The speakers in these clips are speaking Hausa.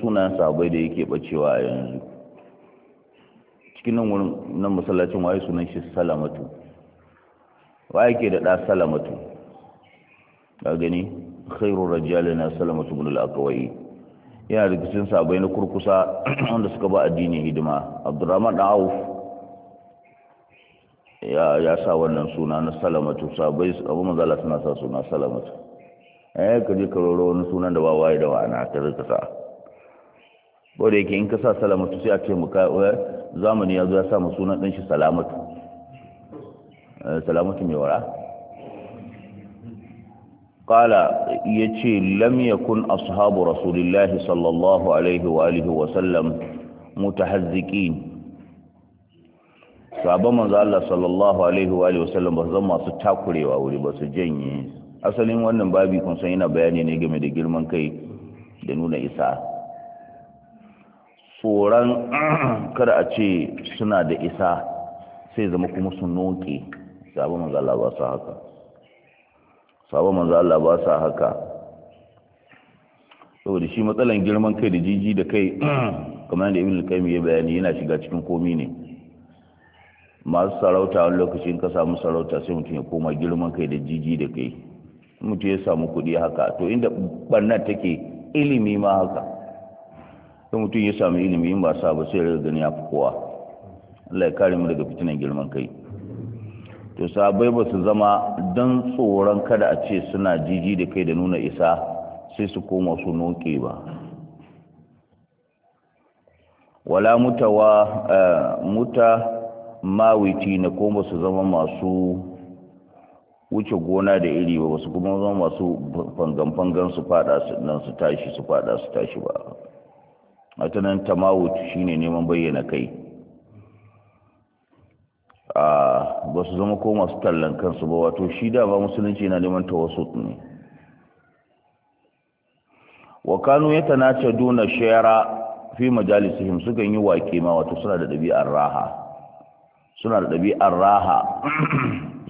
sunan sahabbai da yake bacewa a yanzu cikin nan wurin nan masallacin waye sunan shi salamatu waye ke da ɗa salamatu ga gani khairun rajali na salamatu bin al'akawai yana da cikin sahabbai na kurkusa wanda suka ba addinin hidima abdurrahman da auf ya sa wannan suna na salamatu sahabbai abu mazala suna sa suna salamatu eh ka je ka roro wani sunan da ba waye da wa'ana ta rika sa ko da yake in ka sa salamatu sai a ce mu ka eh, zamani ya zo ya sa mu sunan ɗin shi salamatu eh, salamatu mai wara qala ce lam kun ashabu rasulillahi sallallahu alaihi wa alihi wa sallam mutahazziqin sabon manzo Allah sallallahu alaihi wa alihi wasallam ba zan masu takurewa wuri ba su janye asalin wannan babi kun san yana bayani ne game da girman kai da nuna isa tsoron kada a ce suna da isa sai zama kuma su noke sabon manzala ba su haka sabon manzala ba su haka da shi matsalan girman kai da jiji da kai kamar da ibn al-qayyim ya bayani yana shiga cikin komi ne masu sarauta wani lokacin ka samu sarauta sai mutum ya koma girman kai da jiji da kai mutum ya samu kuɗi haka to inda barnar take ilimi ma haka sai mutum ya sami ilimi in ba sa ba sai rage gani ya fi kowa Allah ya kare mu daga fitinan girman kai to sabai ba su zama don tsoron kada a ce suna jiji da kai da nuna isa sai su koma su noke ba wala mutawa eh, muta mawiti na koma su zama masu wuce gona da iri ba su kuma zama masu fangan-fangan su fada su tashi su fada su tashi ba matanan tamawut shine neman bayyana kai a ba su zama ko masu tallan kansu ba wato shi da ba musulunci na neman tawassut ne wa kanu yatanajaduna shayara fi majalisihim sukan yi wake ma wato suna da ɗabi'ar raha suna da ɗabi'ar raha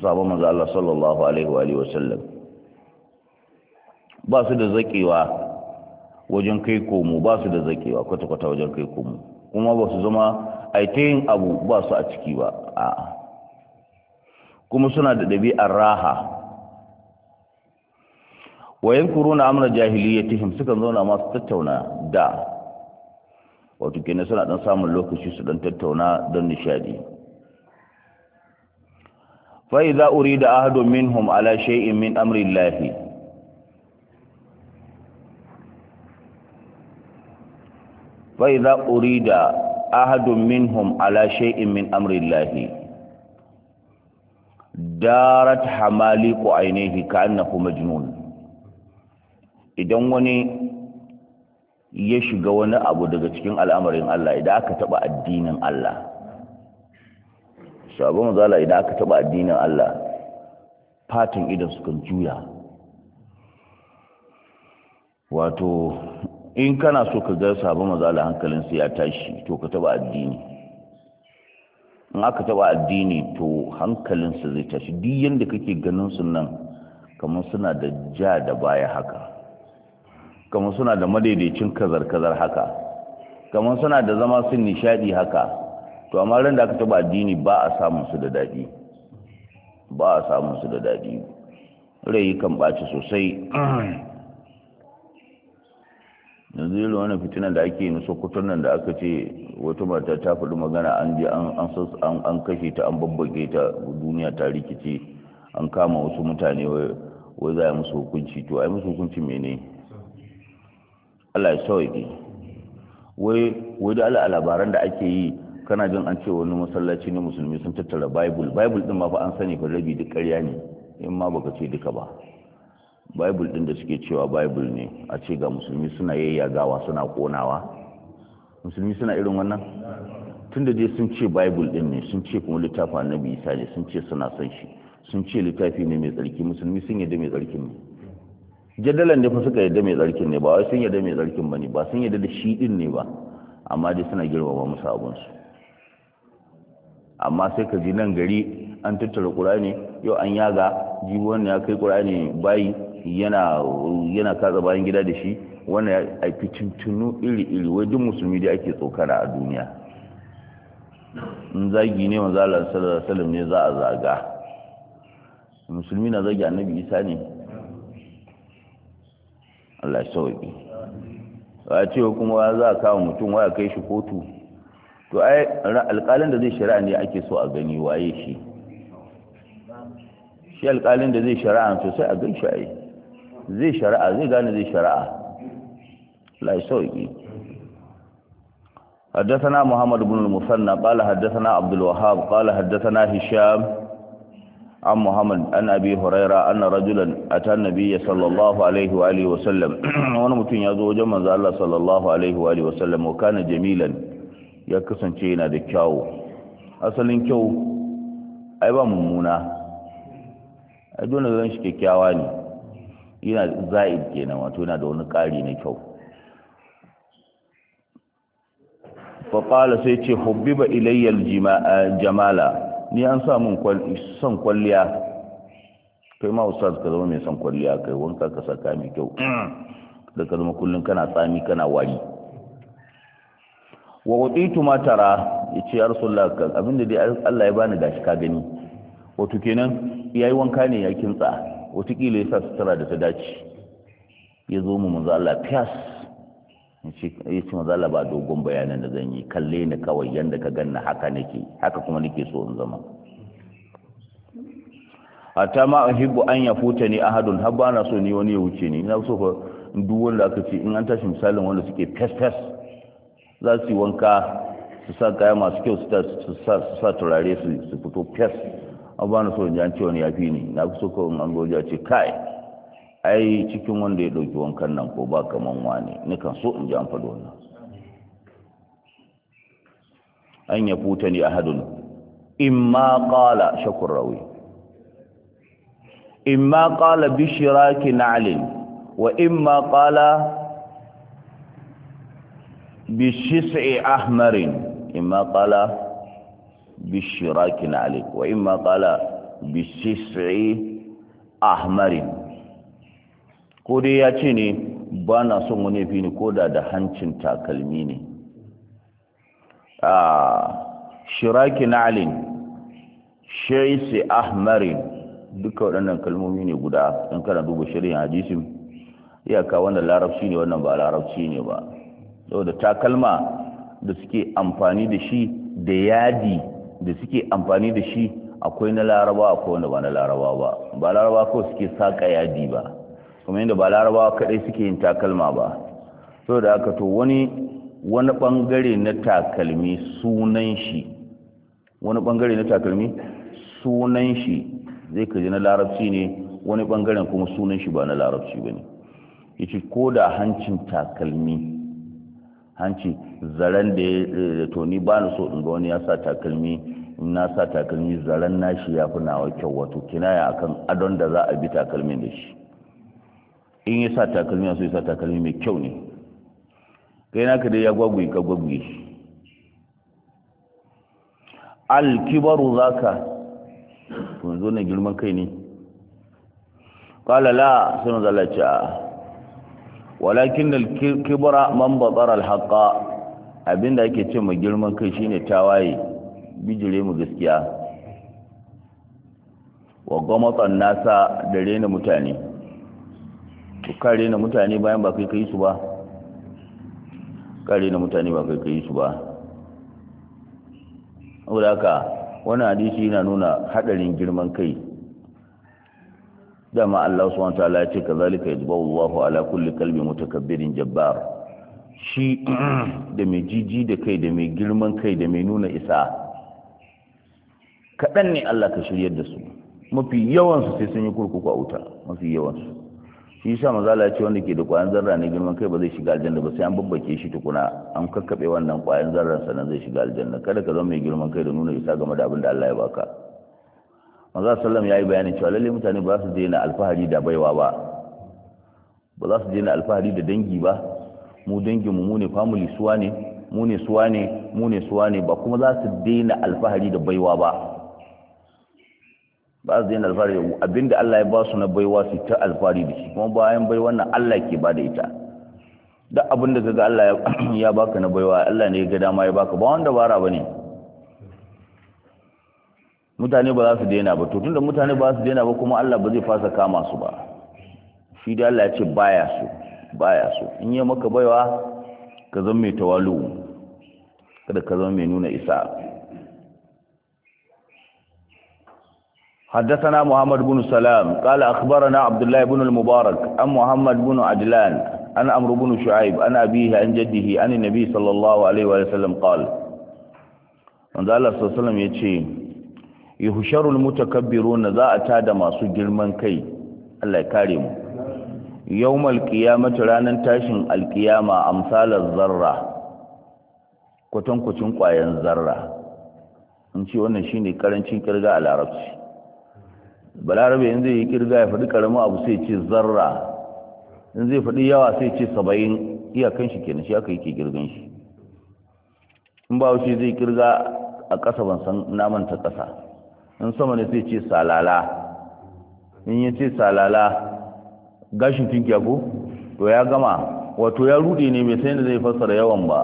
sabon manzo Allah sallallahu alaihi wa sallam ba su da zakewa wajen kai komo ba su da zakewa kwata-kwata wajen kai komo kuma ba su zama yin abu ba su a ciki ba a kuma suna da ɗabi'ar raha wayan kuruna amra jahiliyyatihim sukan zauna masu tattauna da wato kenan suna dan samun lokaci su dan tattauna don nishadi fa idza urida ahadun minhum ala shay'in min amri llahi fa idza urida ahadun minhum ala shay'in min amri llahi darat hamaliqu ainihi ka'annahu majnun idan wani ya shiga wani abu daga cikin al'amarin Allah idan aka taba addinin Allah sabon mazala idan aka taba addinin Allah fatin idan sukan juya wato in kana so ka ga sabon mazala hankalinsu ya tashi to ka taba addini in aka taba addini to hankalinsu zai tashi duk yadda kake ganin su nan kamar suna da ja da baya haka kamar suna da madaidaicin kazar-kazar haka kamar suna da zama sun nishadi haka to amma ran da aka taba addini ba a samun su da daɗi ba a samun su da daɗi rai kan ɓaci sosai yanzu yi wani fitinan da ake na kutun nan da aka ce wata mata ta faɗi magana an je an kashe ta an babbage ta duniya ta rikice an kama wasu mutane wai za a musu hukunci to a yi musu hukunci mene Allah ya wai wai da Allah labaran da ake yi kana jin an ce wani masallaci na musulmi sun tattara bible bible din ma fa an sani fa rabi duk ƙarya ne in ma baka ce duka ba bible din da suke cewa bible ne a ce ga musulmi suna yayyagawa suna konawa musulmi suna irin wannan tun da dai sun ce bible din ne sun ce kuma littafin annabi isa ne sun ce suna son shi sun ce littafi ne mai tsarki musulmi sun yadda mai tsarkin ne jaddalan da fa suka yadda mai tsarkin ne ba wai sun yadda mai tsarkin bane ba sun yadda da shi din ne ba amma dai suna girmama musu su amma sai ka ji nan gari an tattara qur'ani yau an yaga jibi wannan ya kai qur'ani bayi yana kaza bayan gida da shi wannan fi fitintunu iri-iri wajen musulmi da ake tsokana a duniya in zagi ne wanzu ala sallallahu alaihi ne za a zaga musulmi na zagi annabi Isa ne Allah ya ba a ce kuma za a kawo mutum waya kai shi kotu to ai alƙalin da zai shari'a ne ake so a gani waye shi shi alƙalin da zai shari'a gan shi a yi zai shari'a zai gane zai shari'a la sauki حدثنا محمد بن المثنى قال حدثنا عبد الوهاب قال حدثنا هشام عن محمد عن ابي هريره ان رجلا اتى النبي صلى الله عليه واله وسلم وانا متين yazo wajen manzo Allah sallallahu alaihi wa alihi wasallam jamilan ya kasance yana da kyau asalin kyau ai ba mummuna ai dole zan shi kyakkyawa ne yana za'id kenan wato yana da wani ƙari na kyau qala sai ce hubbiba ilayyar eh, jamala ni an sa mun son kwalliya kai ma ustaz ka zama mai son kwalliya kai wanka ka saka mai kyau da ka zama kullum kana tsami kana wari wa wadaitu ma tara yace ya rasulullah abinda dai Allah ya bani gashi ka gani wato kenan yayi wanka ne ya kintsa watakila ya sa sutura da ta dace ya zo mu manzo Allah fiyas ya ce manzo Allah ba dogon bayanan da zan yi kalle ni kawai yadda ka ganna haka nake haka kuma nake so in zama hatta ma hibbu an ne ne a har ba na so ni wani ya wuce ni na so fa duk wanda aka ce in an tashi misalin wanda suke fes fes za su yi wanka su sa kaya masu kyau su sa turare su fito fes abuwa na so jan ce wani ya fi ni na fi so kawai an goji a ce kai ai cikin wanda ya ɗauki wankan nan ko ba kamar wani nikan so in ji an faɗo wannan an ya futa ni in ma ƙala shakur rawi In imma qala bi na na'lin wa in ma ƙala bishisai ahmarin ma ƙala bishirakin alik wa in makala bishisri ahmarin ko dai ya ce ne ba na son wani fi ne koda da hancin takalmi ne shirakin alin shaisi ahmarin duka waɗannan kalmomi ne guda in kana duba shirin ya iyaka wanda larabci ne wannan ba larabci ne ba saboda takalma da suke amfani da shi da yadi da suke amfani da shi akwai na laraba akwai wanda ba na laraba ba ba laraba kawai suke saka yadi ba kuma yadda ba laraba kaɗai suke yin takalma ba so da aka to wani wani ɓangare na takalmi sunan shi wani ɓangare na takalmi sunan shi zai kaji na larabci ne wani ɓangaren kuma sunan shi ba na larabci ba ne ya ko da hancin takalmi hanci zaren da ya eh, to ni ba so in ga wani ya sa takalmi na sa takalmi zaren nashi ya fi nawa kyau wato kinaya akan adon da za a bi takalmin da shi in ya sa takalmi ya so ya sa takalmi mai kyau ne kai naka dai ya gwagwai ka gwagwai shi alkibaru zaka ka tunzo na girman kai ne qala sun zalace a walakin al-kibra man batsara al abinda ake ce mu girman kai shine tawaye bijire mu gaskiya wa gwamnatin nasa da rena mutane to kare na mutane bayan ba kai kai su ba kare na mutane ba kai kai su ba saboda haka wannan hadisi yana nuna hadarin girman kai dama Allah subhanahu wataala ya ce kazalika yajbahu Allahu ala kulli kalbi mutakabbirin jabbar shi da mai jiji da kai da mai girman kai da mai nuna isa kaɗan ne Allah ka shiryar da su mafi yawansu sai sun yi kurkuku a wuta mafi yawansu shi yasa mazala ya ce wanda ke da ƙwayan zarra ne girman kai ba zai shiga aljanna ba sai an babbake shi tukuna an kakkaɓe wannan ƙwayan zarra sannan zai shiga aljanna kada ka zama mai girman kai da nuna isa game da abin da Allah ya baka maza sallam yayi bayanin cewa lalle mutane ba su daina alfahari da baiwa ba ba za su daina alfahari da dangi ba mu dangin mu ne family suwa ne mu ne suwa ne mu ne suwa ne ba kuma za su daina alfahari da baiwa ba ba su daina alfahari da abinda Allah ya ba su na baiwa su ta alfahari da shi kuma bayan baiwa na Allah ke ba da ita duk abinda kaga Allah ya baka na baiwa Allah ne ya ga dama ya baka ba wanda bara bane mutane ba za su daina ba to tunda mutane ba su daina ba kuma Allah ba zai fasa kama su ba shi da Allah ya ce baya su baya su in yi maka baiwa ka zama mai tawalu kada ka zama mai nuna isa حدثنا محمد بن سلام قال أخبرنا عبد الله بن المبارك أم محمد بن عجلان أن أمر بن شعيب أن أبيه عن جده عن النبي صلى الله عليه وسلم قال من الله صلى الله عليه وسلم yuhsharul mutakabbiruna za a tada masu girman kai Allah ya kare mu yawmal qiyamati ranan tashin alqiyama amsalaz zarra kwatankwacin kwayan zarra in ce wannan shine karancin kirga a larabci balarabe in zai yi kirga ya faɗi karamin abu sai ce zarra in zai faɗi yawa sai ce saba'in iyakan shi kenan shi aka yake girgan shi in ba wuce zai kirga a ƙasa ban san namanta ƙasa in sama ne sai ce salala in ya ce salala gashin tinkiya ko to ya gama wato ya rude ne bai sai da zai fassara yawan ba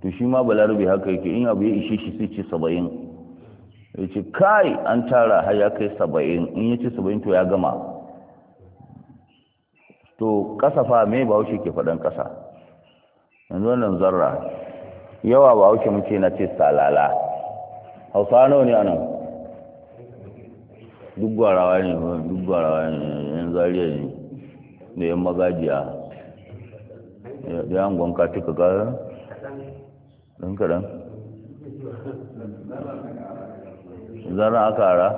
to shi ma rubi haka yake in abu ya ishe shi sai ce saba'in ya ce kai an tara har ya kai saba'in in ya ce saba'in to ya gama to kasafa me ba wuce ke faɗan kasa yanzu wannan zarra yawa ba wuce muke na ce salala hausa nawa ne anan duk gwarawa ne duk gwarawa ne yan zariya ne da yan magajiya da yan gwanka tuka gara ɗan kaɗan zarra aka ara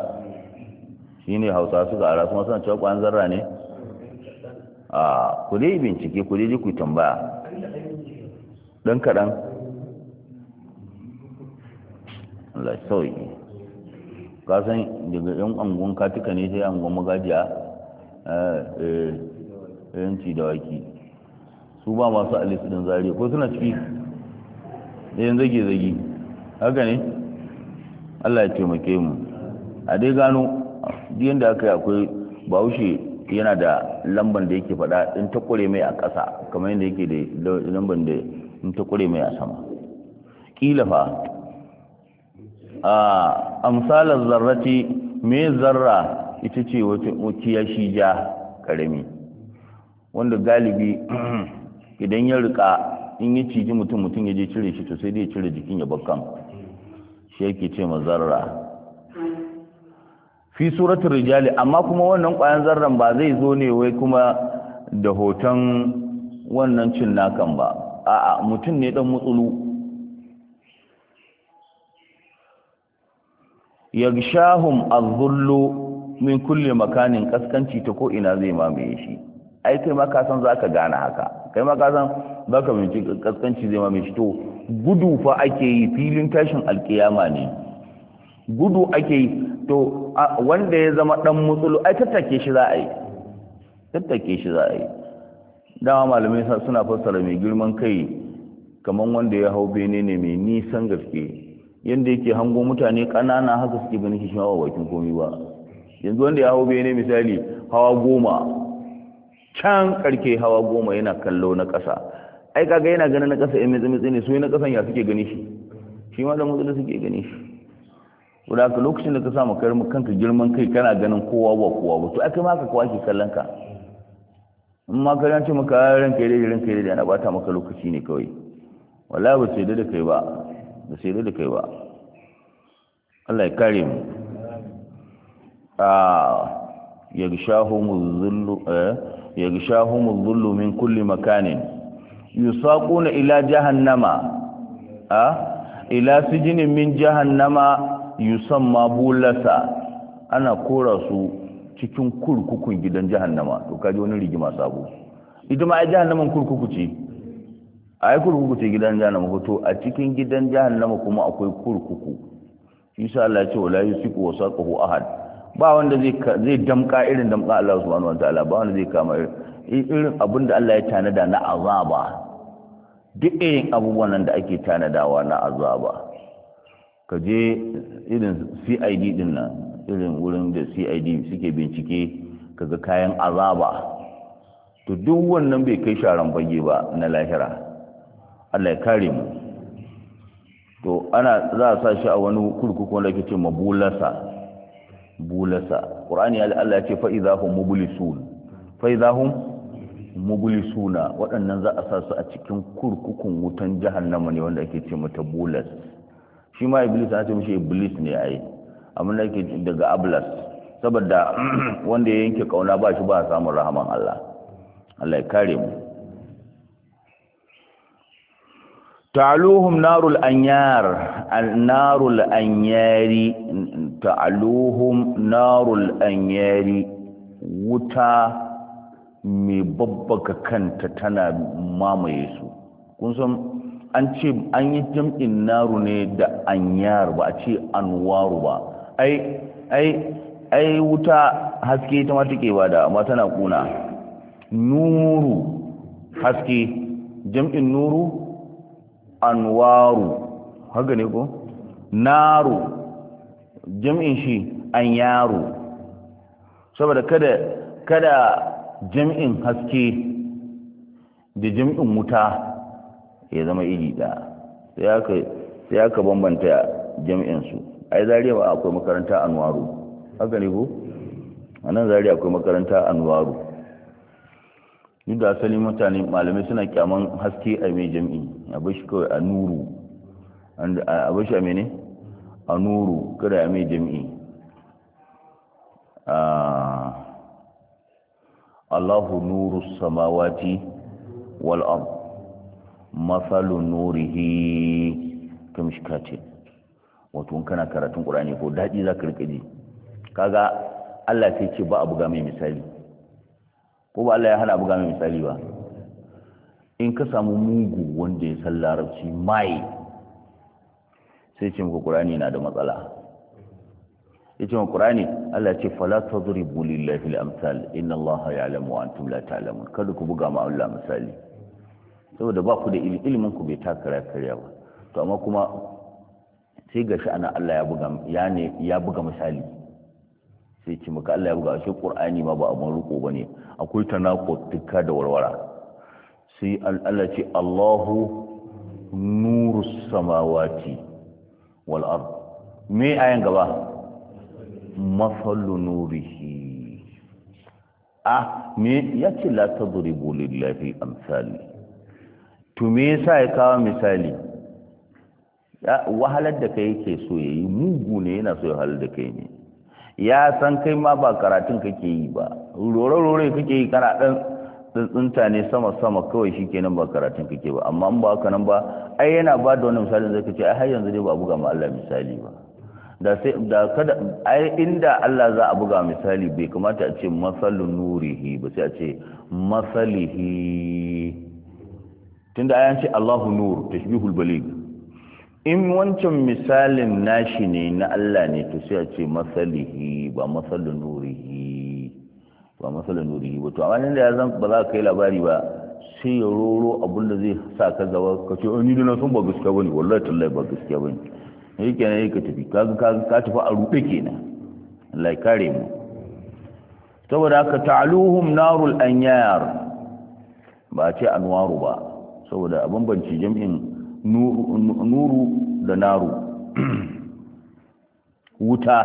shi ne hausa suka ara kuma suna cewa ƙwan zarra ne a ku bincike ku dai ku tambaya ɗan kaɗan Allah sauyi ka san daga yan angon katika ne sai angon magajiya eh, eh, yanci da waki su ba masu alisu din zari ko suna ciki yan zage-zage haka ne allah ya make mu a dai gano diyan da aka yi akwai bahaushe yana da lamban da yake faɗa in ta kure mai a ƙasa kamar yadda yake da lamban da in ta kure mai a sama kila fa a amsalar zarrati me zarra ita ce wata shi ja karami wanda galibi idan ya rika in ya ciji mutum mutum ya je cire shi to sai dai cire jikin ya bakkan shi yake ce ma zarra fi suratul rijali amma kuma wannan ƙwayan zarran ba zai zo ne wai kuma da hoton wannan cin nakan ba a'a mutum ne dan mutsulu yagshahum adh-dhullu min kulli makanin kaskanci ta ko ina zai mamaye shi ai kai ma ka san zaka gane haka kai ma ka san mun binci kaskanci zai mamaye shi to gudu fa ake yi filin tashin alkiyama ne gudu ake yi to wanda ya zama dan mutsulu ai tattake shi za a yi tattake shi za a yi dama malamai suna fassara mai girman kai kaman wanda ya hau bene ne mai nisan gaske yanda yake hango mutane kanana haka suke ganin shi shawa bakin komi ba yanzu wanda ya hau bene misali hawa goma can karke hawa goma yana kallo na ƙasa ai kaga yana ganin na ƙasa yan mitsi ne su na ƙasan ya suke gani shi shi ma da da suke gani shi wanda ka lokacin da ka samu mu kanka girman kai kana ganin kowa ba kowa ba to aka ma ka kowa kallon ka in ma ka rance maka ranka yadda ranka da ana bata maka lokaci ne kawai wallahi ba ce da kai ba da sai da kai ba Allah ya kare mu a yagshahumuz zullu eh zullu min kulli makanin yusaquna ila jahannama a ila sijinin min jahannama yusamma bulasa ana kora su cikin kurkukun gidan jahannama to kaji wani rigima sabo ita ma ai jahannaman kurkuku ce ai kurkuku ce gidan jahannama ko to a cikin gidan jahannama kuma akwai kurkuku shi sa Allah ya ce wala yusiku a ahad ba wanda zai zai damka irin damka Allah subhanahu ta'ala. ba wanda zai kama irin abin da Allah ya tanada na azaba duk irin abubuwan nan da ake tanadawa na azaba ka je irin CID din nan irin wurin da CID suke bincike kaga kayan azaba to duk wannan bai kai sharan fage ba na lahira Allah ya kare mu to ana za a sa shi a wani kurkuku wanda ake ce mabulasa bulasa qur'ani Allah ya ce fa hum mublisun fa hum mublisuna waɗannan za a sa su a cikin kurkukun wutan jahannama ne wanda ake ce mata bulas shi ma iblis ana ce mishi iblis ne ai amma da ke daga ablas saboda wanda ya yanke kauna ba shi ba samun rahaman Allah Allah ya kare mu ta'aluhum narul anyar narul anyari ta'aluhum narul anyari wuta mai babbaka kanta tana mamaye su kun san an ce an yi jam'in naru ne da anyar ba a ce anwaru ba ai ai ai wuta haske ta ma take ba da amma tana kuna nuru haske jam'in nuru anwaru haka ne ko naru jam'in shi an yaro saboda kada kada jam'in haske da jam'in wuta ya zama iri ɗaya sai aka sai aka bambanta jam'in su ai zariya ba akwai makaranta anwaru haka ne ko anan zariya akwai makaranta anwaru duk da asali mutane malamai suna kyaman haske a mai jam'i a bashi kawai a nuru a bashi a mene a nuru kada a mai jam'i ah, Allahu nuru samawati wal ard mafalu nurihi kace wato in kana karatun ne ko daɗi za ka rikaji kaga Allah sai ce ba abu ga mai misali ko ba Allah ya hana buga mai misali ba in ka samu mugu wanda ya san larabci mai sai ce muku qur'ani na da matsala ce muku qur'ani Allah ya ce fala tadribu lillahi al-amsal inna Allah ya'lamu wa antum la ta'lamun kada ku buga ma Allah misali saboda ba ku da ilimin ku bai takara karya ba to amma kuma sai gashi ana Allah ya buga ya ne ya buga misali sai ce maka Allah ya buga ashe Qur'ani ma ba abun ruko bane akwai tanako dukka da warwara sai Allah ce Allahu nurus samawati wal ard me ayan gaba mafallu nurihi ah me yace la tadribu lillahi amsali to me yasa ya kawo misali wahalar da kai yake so yayi mugu ne yana so ya halar da kai ne ya san kai ma ba karatun kake yi ba rore-rore kake yi kana ɗan tsuntsunta ne sama-sama kawai shi kenan ba karatun kake ba amma ba haka nan ba ai yana ba da wani misali zai kace ai har yanzu dai ba buga ma Allah misali ba da sai da kada ai inda Allah za a buga misali bai kamata a ce masalun nurihi ba sai a ce masalihi tunda ayan ce Allahu nur tashbihul baligh in wancan misalin nashi ne na Allah ne to sai a ce masalihi ba masalin nurihi ba masalin nurihi ba to amma inda ya zan ba za ka kai labari ba sai ya roro abin da zai sa ka gaba ka ce oh, ni da na san ba gaskiya bane wallahi tallahi ba gaskiya bane ne yake ne ka tafi ka ka tafi a ruɗe kenan Allah ya kare mu saboda haka ta'aluhum narul anyar ba ce anwaru ba saboda abin banci jami'in nuru da naru wuta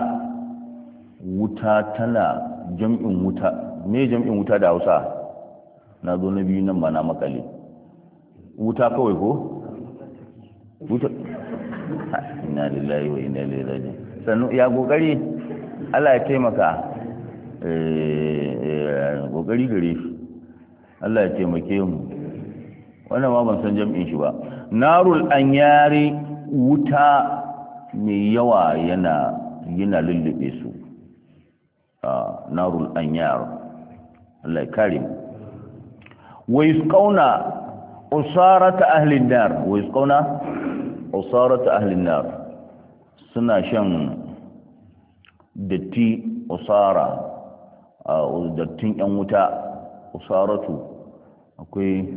wuta tana jam'in wuta ne jam'in wuta da hausa na zo na biyu nan ba na makale wuta kawai ko? wuta ina lillahi wa ina lillahi sannu ya kokari Allah ya taimaka eh, eh, kokari gare shi Allah ya taimake mu wannan ma ban san jam'in shi ba narul anyari wuta mai yawa yana yana lullube su narul anyar Allah ya kare mu wa yusqauna usarata ahli nar wa yusqauna usarata ahli nar suna shan datti usara a dattin yan wuta usaratu akwai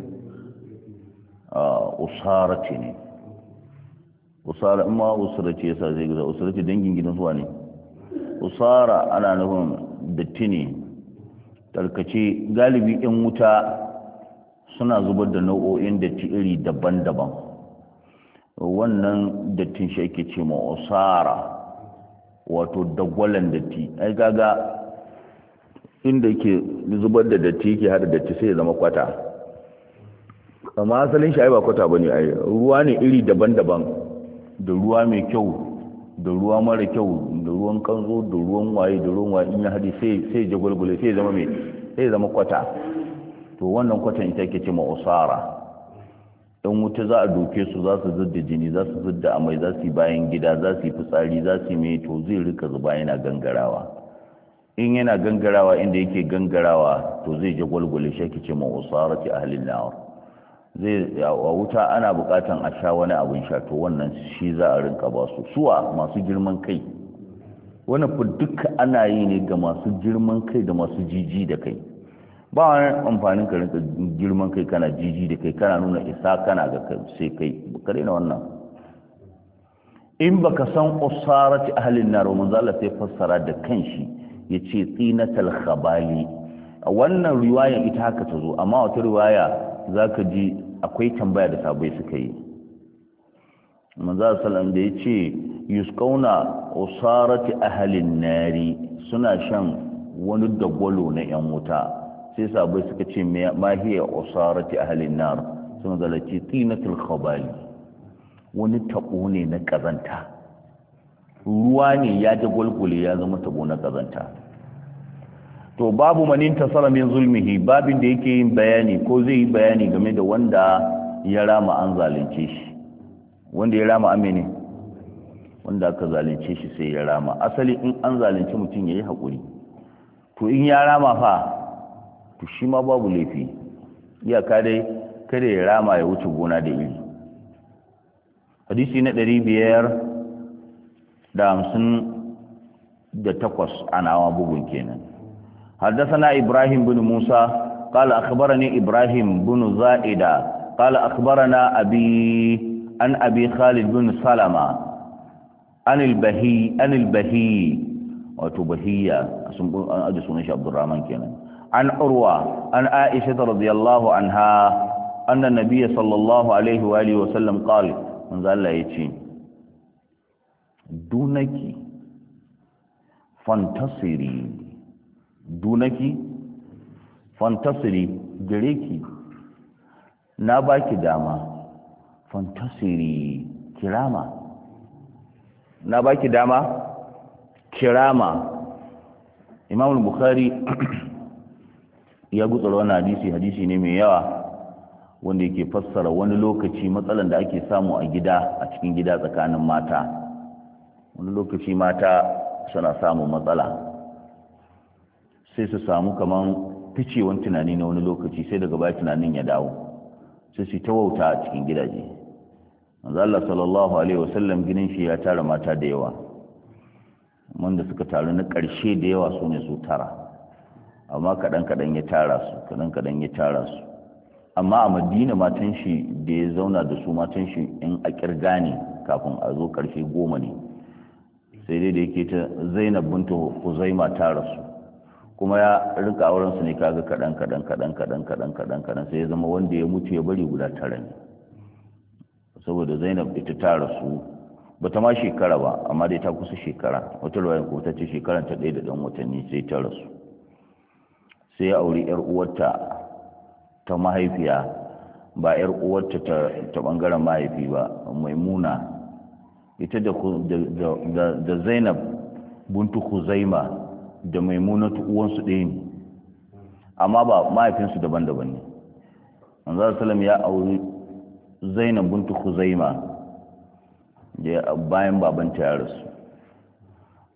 ce ne usara in ma usarati yasa zai gaza ce dangin gidan zuwa ne usara ana nufin datti ne tarkace galibi in wuta suna zubar da nau'o'in datti iri daban-daban wannan dattin shi ake ce ma usara wato dagwalan datti ai gaga inda ke zubar da datti yake hada datti sai ya zama kwata amma asalin shi ai ba kwata bane ai ruwa ne iri daban-daban da ruwa mai kyau da ruwa mara kyau da ruwan kanzo da ruwan waye da ruwan waye in ya haɗe sai sai gulgule sai zama mai sai zama kwata to wannan kwatan ita ke ce ma'usara dan wuta za a doke su za su zudda jini za su zudda amai za su yi bayan gida za su yi fitsari za su yi mai to zai rika zuba yana gangarawa in yana gangarawa inda yake gangarawa to zai jagwalgwale shi ake ce ma'usara ce ahalin nawar zai a wuta ana bukatan a sha wani abin sha to wannan shi za a rinka ba su suwa masu girman kai wani fa duka ana yi ne ga masu girman kai da masu jiji da kai ba wani amfanin ka rinka girman kai kana jiji da kai kana nuna isa kana ga sai kai ka daina wannan in baka san usarati ahalin na roman zala sai fassara da kan shi ya ce tsinatal khabali wannan riwaya ita haka ta zo amma wata riwaya za ka ji akwai tambaya da sabai suka yi manzan salam da ya ce yuskauna usarati ahalin nari suna shan wani dagwalo na 'yan wuta sai sabai suka ce mahiyar usarati ahalin nar sun zalace tinatul khabali wani tabo ne na kazanta ruwa ne ya dagwalgwale ya zama tabo na kazanta to babu manin tasara min zulmihi babin da yake yin bayani ko zai yi bayani game da wanda ya rama an zalunce shi wanda ya rama amene wanda aka zalunce shi sai ya rama asali in an zalunce mutum ya yi haƙuri to in ya rama fa to shi ma babu laifi ka dai kada ya rama ya wuce gona da iri hadisi na ɗari biyar da hamsin da takwas a nawa bugun kenan حدثنا إبراهيم بن موسى قال أخبرني إبراهيم بن زائدة قال أخبرنا أبي عن أبي خالد بن سلمة عن البهي عن البهي وتبهية أجسون شيخ عبد الرحمن كان عن عروة عن عائشة رضي الله عنها أن النبي صلى الله عليه وآله وسلم قال من ذا الله يتشين دونك فانتصرين dunaki fantasiri gare ki na baki dama fantasiri kirama na baki dama kirama Imamul bukhari ya gutsa wani hadisi hadisi ne mai yawa wanda yake fassara wani lokaci matsalan da ake samu a gida a cikin gida tsakanin mata wani lokaci mata suna samun matsala sai su samu kaman ficewan tunani na wani lokaci sai daga baya tunanin ya dawo sai su ta wauta a cikin gidaje manzo Allah sallallahu alaihi wasallam ginin shi ya tara mata da yawa wanda suka taru na ƙarshe da yawa su ne su tara amma kaɗan kaɗan ya tara su kaɗan kaɗan ya tara su amma a madina matan shi da ya zauna da su matan shi in a kirga ne kafin a zo ƙarshe goma ne sai dai da yake ta zainab binta huzaima ta su. kuma ya rika auren su ne kaga kadan kadan kadan kadan kadan kadan kadan sai ya zama wanda ya mutu ya bari guda tara ne saboda Zainab ita ta rasu bata ma shekara ba amma dai ta kusa shekara wata ruwayan ko ta ce shekaran ta ɗaya da ɗan watanni sai ta rasu sai ya auri yar uwarta ta mahaifiya ba yar uwarta ta bangaren mahaifi ba maimuna ita da da Zainab buntu Khuzaima da maimunatu uwansu ɗaya ne amma ba mahaifinsu daban-daban ne manzara salam ya auri zainab bintu huzaima bayan babanta ya rasu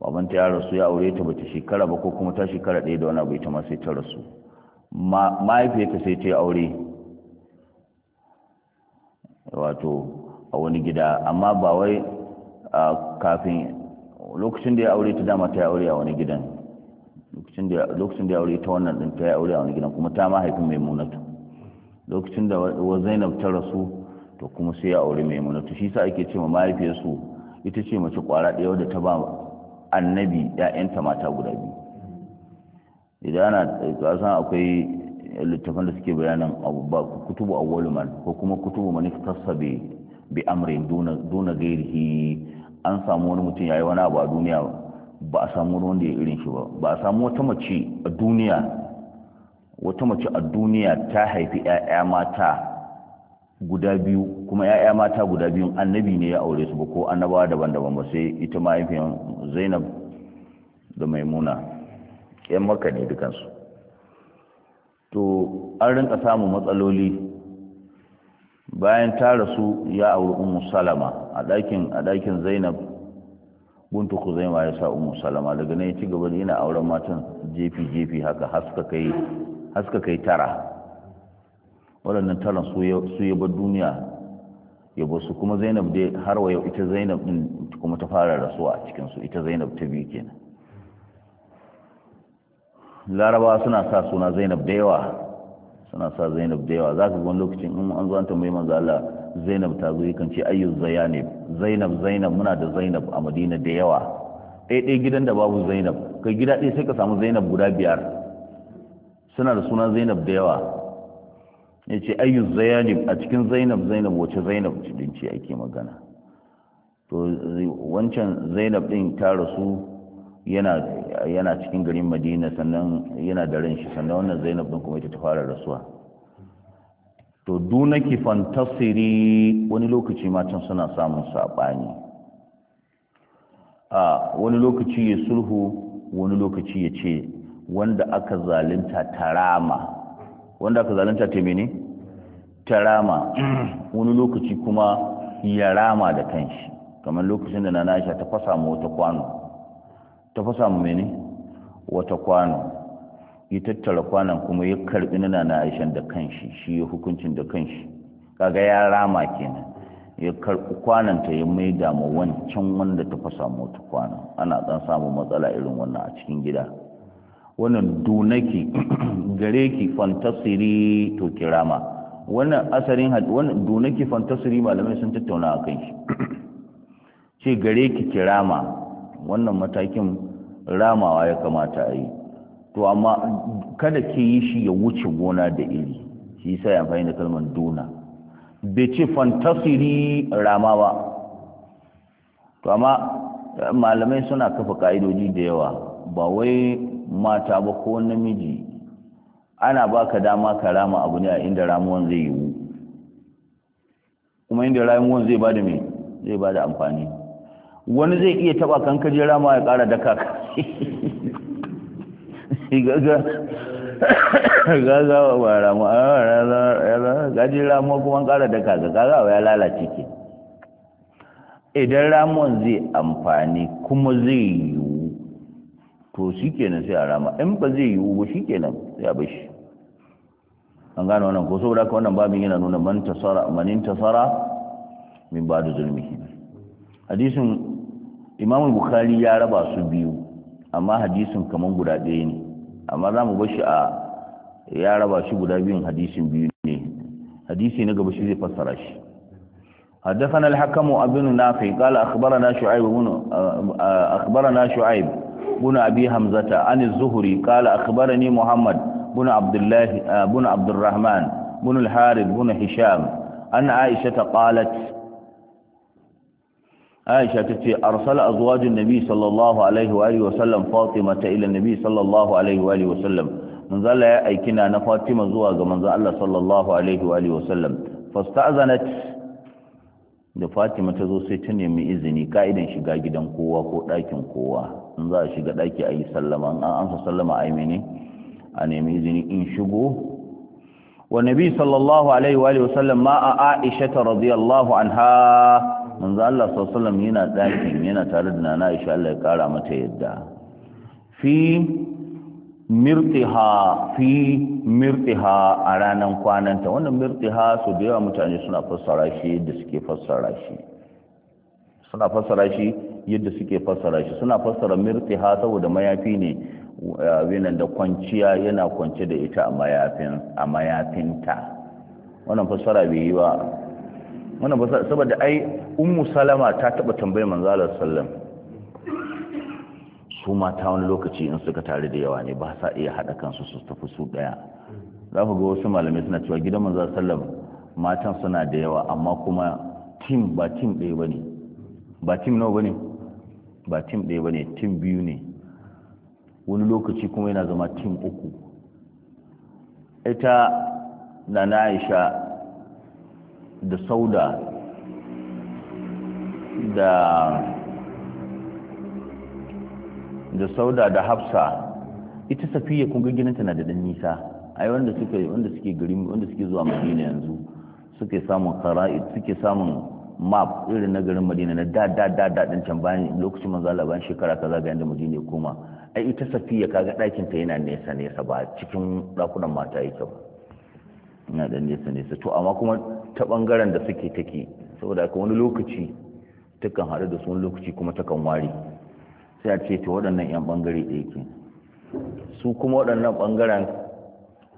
babanta ya rasu ya aure ta bata shekara ba ko kuma ta shekara ɗaya da wani abu ita ma sai ta rasu mahaifiyarta sai ta yi aure wato a wani gida amma ba wai kafin lokacin da ya aure ta dama ta yi aure a wani gidan lokacin da ya aure ta wannan din ta aure a wani gidan kuma ta mahaifin mai munatu lokacin da wa zainab ta rasu to kuma sai ya aure mai munatu shi sa ake cewa mahaifiyarsu ita ce mace kwara ɗaya wadda ta ba annabi ‘ya'yanta mata guda biyu idan ana san akwai littafan da suke bayanan bayanin kutubu awwaluman ko kuma kutubu manifestasa bi amrin duna gairihi an samu wani mutum yayi wani abu a duniya ba a samu ruwan da ya irin shi ba ba a samu wata mace a duniya wata mace a duniya ta haifi 'ya'ya mata guda biyu kuma 'ya'ya mata guda biyun annabi ne ya aure su ba ko annabawa daban-daban ba sai ita mahaifiyar zainab da maimuna 'yan maka ne dukansu to an rinka samun matsaloli bayan ta rasu ya auri ummu salama a dakin a ɗakin zainab buntu ku zai ma ya sa umu salama daga nan ya ci gaba da yana auren matan jefi-jefi haka haska kai tara wadannan taron su ya bar duniya ya basu kuma zainab dai har wa ita zainab din kuma ta fara rasuwa a cikinsu ita zainab ta biyu kenan laraba suna sa suna zainab da yawa suna sa zainab da yawa za ka gwan lokacin in an zuwa mai manzo Allah zainab ta zo yakan ce ayyu zainab zainab zainab muna da zainab a madina da yawa ɗaya ɗaya gidan da babu zainab kai gida ɗaya sai ka samu zainab guda biyar suna da suna zainab da yawa yace ce ayyu zainab a cikin zainab zainab wace zainab din ce ake magana to wancan zainab din ta rasu yana yana cikin garin madina sannan yana da ran shi sannan wannan zainab din kuma ita ta fara rasuwa to duna kifan tasiri wani lokaci matan suna samun saɓani a wani lokaci ya sulhu wani lokaci ya ce wanda aka zalunta tarama wanda aka zalunta ta mene tarama wani lokaci kuma ya rama da kanshi kamar lokacin da na nasha ta fasa mu wata kwano ta fasa mu mene wata kwano ya tattara kwanan kuma ya karbi nuna na aishan da kanshi shi ya hukuncin da kanshi kaga ya rama kenan ya karbi kwanan ta ya mai damu wancan wanda ta fasa mota kwanan ana dan samun matsala irin wannan a cikin gida wannan dunaki gare ki fantasiri to kirama wannan asarin wannan dunaki fantasiri malamai sun tattauna a kan shi ce gare ki kirama wannan matakin ramawa ya kamata a yi to amma kada ke yi shi ya wuce gona da iri shi sai amfani da kalmar duna bai ce fantasiri rama ba to amma malamai suna kafa ka'idoji da yawa ba wai mata ba ko namiji ana baka dama ka rama abu ne a inda ramuwan zai yiwu kuma inda ramuwan zai bada mai zai da amfani wani zai iya taba kankaje rama ya kara daka ka gaza wa ramu gaji ramuwa kuma kara da kaga kaga ya lalace ke idan ramon zai amfani kuma zai yiwu to shi kenan sai a rama in ba zai yiwu ba shi kenan sai a bashi an gano wannan ko saboda haka wannan babin yana nuna man tasara manin tasara min ba da zulmi hadisin imamu bukari ya raba su biyu amma hadisin kamar guda ɗaya ne amma za mu bashi a ya raba shi guda biyun hadisin biyu ne hadisi na gaba shi zai fassara shi حدثنا الحكم ابن نافع قال اخبرنا شعيب بن اخبرنا شعيب بن ابي حمزه عن الزهري قال اخبرني محمد بن عبد الله بن عبد الرحمن بن الحارث بن هشام عن عائشه قالت aisha ta ce arsala azwajun nabi sallallahu alaihi wa sallam fatima ta ila nabi sallallahu alaihi wa sallam wasallam manzo Allah ya aiki na na fatima zuwa ga manzo Allah sallallahu alaihi wa sallam fasta fasta'zanat da fatima ta zo sai ta nemi izini ka'idan shiga gidan kowa ko ɗakin kowa in za a shiga ɗaki a yi sallama an ansa sallama a yi mene a nemi izini in shigo wa nabi sallallahu alaihi wa sallam ma a aisha radiyallahu anha manzo Allah sallallahu alaihi yana ɗakin yana tare da nana Aisha Allah ya kara mata yadda fi mirtiha fi mirtiha a ranan kwananta wannan mirtiha su da yawa mutane suna fassara shi yadda suke fassara shi suna fassara shi yadda suke fassara shi suna fassara mirtiha saboda mayafi ne wannan da kwanciya yana kwance da ita a mayafin a mayafinta wannan fassara bai yi ba. wannan ba saboda ai ummu salama ta taba tambayar manzo sallam su mata wani lokaci in suka tare da yawa ne ba sa iya hada kansu su tafi su daya za ku ga wasu malamai suna cewa gidan manzo sallam matan suna da yawa amma kuma tim ba tim ɗaya bane ba tim nawa bane ba tim ɗaya bane tim biyu ne wani lokaci kuma yana zama tim uku ita na na Aisha da sauda da da sauda da hafsa ita safiya kun gaggininta na da dan nisa ai wanda suke wanda suke gari wanda suke zuwa madina yanzu suke samun qara'id suke samun map irin na garin madina na da da da da din can bayan lokacin manzo Allah bayan shekara kaza ga yanda madina ya koma ai ita safiya kaga ɗakin ta yana nesa nesa ba cikin ɗakunan mata yake ba ina da nesa nesa to amma kuma ta bangaren da suke take saboda aka wani lokaci takan haɗu da su wani lokaci kuma takan wari sai a ce ta waɗannan 'yan bangare da yake su kuma waɗannan bangaren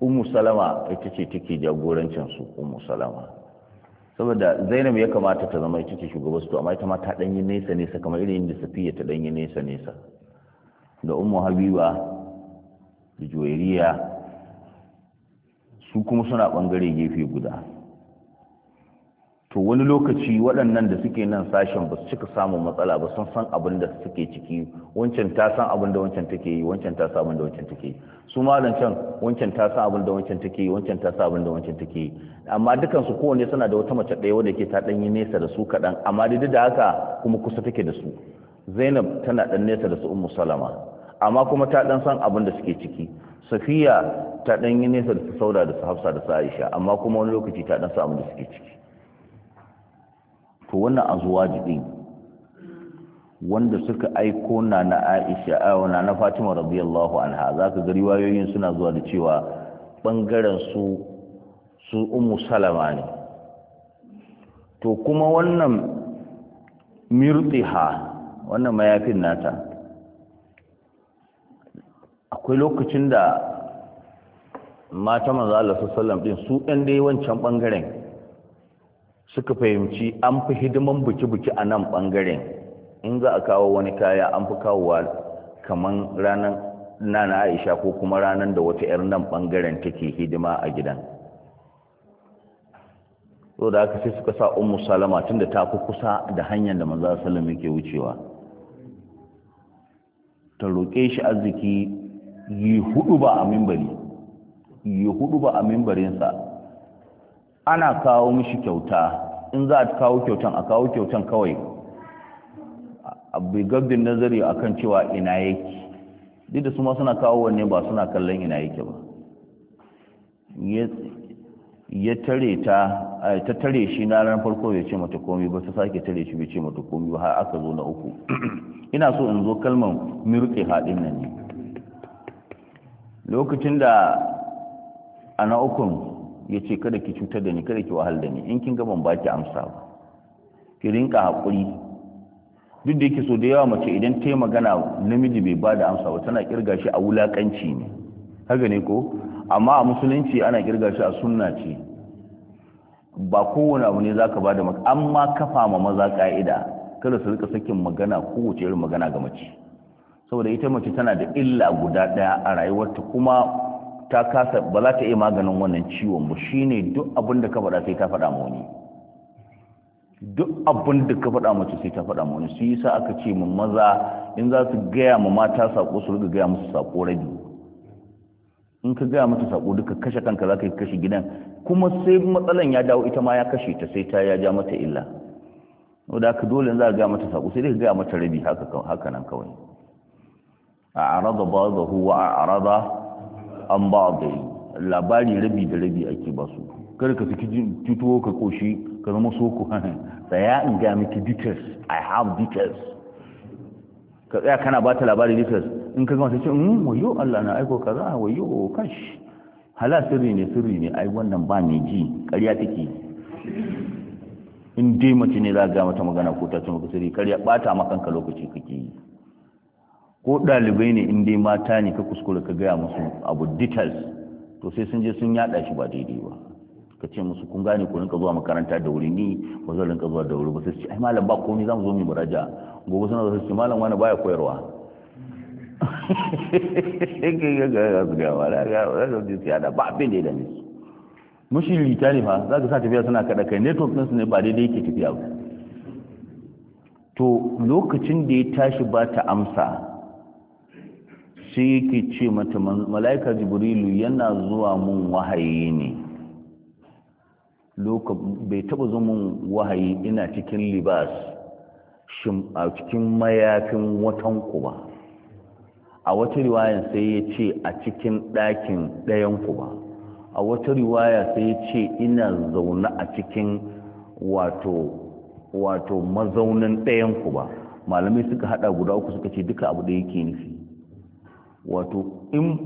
umu salama ita ce take jagorancin su umu salama saboda zainab ya kamata ta zama ita ce shugaba su amma ita ma ta ɗanyi nesa nesa kamar irin da safiya ta ɗanyi nesa nesa da umu habiba da juwairiya su kuma suna bangare gefe guda to wani lokaci waɗannan da suke nan sashen ba su cika samun matsala ba sun san abin da suke ciki wancan ta san abin da wancan take yi wancan ta san abin da wancan take yi su malam can wancan ta san abin da wancan take yi wancan ta san abin da wancan take yi amma dukan su kowanne suna da wata mace ɗaya wadda ke ta ɗan yi nesa da su kaɗan amma duk da haka kuma kusa take da su zainab tana ɗan nesa da su ummu salama amma kuma ta ɗan san abin da suke ciki safiya ta ɗan yi nesa da su saura da su hafsa da su aisha amma kuma wani lokaci ta ɗan san abin da suke ciki to wannan azwaji din wanda suka aiko na na Aisha na na Fatima radiyallahu anha zaka ga riwayoyin suna zuwa da cewa bangaren su su ummu salama ne to kuma wannan mirtiha wannan mayafin nata akwai lokacin da mata manzo Allah sallallahu alaihi wasallam din su ɗan dai wancan bangaren suka fahimci an fi hidiman buki-buki a nan ɓangaren in za a kawo wani kaya an fi kawowa kamar ranar nana aisha ko kuma ranar da wata 'yar nan ɓangaren take hidima a gidan so da aka sai suka sa Umu salama tun da ta fi kusa da hanyar da maza salama yake wucewa ta roƙe shi arziki yi hudu ba a mimbari yi hudu ba a mimbarinsa ana kawo mishi kyauta in za a kawo kyautan a kawo kyautan kawai abigabdin nazari a kan cewa ina yake duk da su ma suna kawo wanne ba suna kallon ina yake ba ya tare ta ta tare shi na ran farko ya ce mata komi ba ta sake tare shi bai ce mata komi ba har aka zo na uku ina so in zo kalmar mirke haɗin nan ne lokacin da a na ukun ya ce kada ki cutar da ni kada ki wahal da ni in kin gaban ba ki amsa ba ki rinka haƙuri duk da yake so da yawa mace idan ta yi magana namiji bai ba da amsa ba tana kirga shi a wulakanci ne haka ne ko amma a musulunci ana kirga shi a sunna ce ba kowane abu ne zaka ba da maka amma kafa ma maza ka'ida kada su rika sakin magana kowace irin magana ga mace saboda ita mace tana da illa guda ɗaya a rayuwarta kuma ta kasa ba za ta iya maganin wannan ciwon ba shi ne duk abin da ka faɗa sai ta faɗa ma wani duk abin da ka faɗa mace sai ta faɗa ma wani su yi sa aka ce mu maza in za su gaya ma mata sako su riga gaya musu sako rabi in ka gaya mata sako duka kashe kanka za ka yi kashe gidan kuma sai matsalan ya dawo ita ma ya kashe ta sai ta ya ja mata illa da haka dole za ka gaya mata sako sai dai ka gaya mata rabi haka nan kawai a arada ba wa a arada an ba da labari rabi da rabi ake ba su kar ka saki tutuwo ka koshi ka zama soko tsaya in ga miki details i have details ka tsaya kana ba ta labari details in ka gama ta ce mm wayo Allah na aiko kaza wayo kash hala sirri ne sirri ne ai wannan ba ne ji ƙarya take in dai mace ne za ga mata magana ko ta ce maka sirri ƙarya bata makanka lokaci kake yi ko ɗalibai ne in dai mata ne ka kuskura ka gaya musu abu details to sai sun je sun yada shi ba daidai ba ka ce musu kun gane ku rinka zuwa makaranta da wuri ni ba zan rinka zuwa da wuri ba sai ce ai malam ba komai zamu zo mu muraja gobe suna zo su ce malam wani baya koyarwa ga ga ga wala ga wala da su yada ba abin da ya dame su mushi litani fa za ka sa tafiya suna kada kai network ɗinsu ne ba daidai yake tafiya ba to lokacin da ya tashi ba ta amsa sai yake ce mata mala'ika jibrilu yana zuwa mun wahayi ne bai taba zo mun wahayi ina cikin libas a cikin mayafin watan ku ba a wata riwaya sai ya ce a cikin ɗakin ɗayan ku ba a wata riwaya sai ya ce ina zaune a cikin wato wato mazaunin ɗayan ku ba malamai suka hada guda uku suka ce duka abu da yake nufi wato in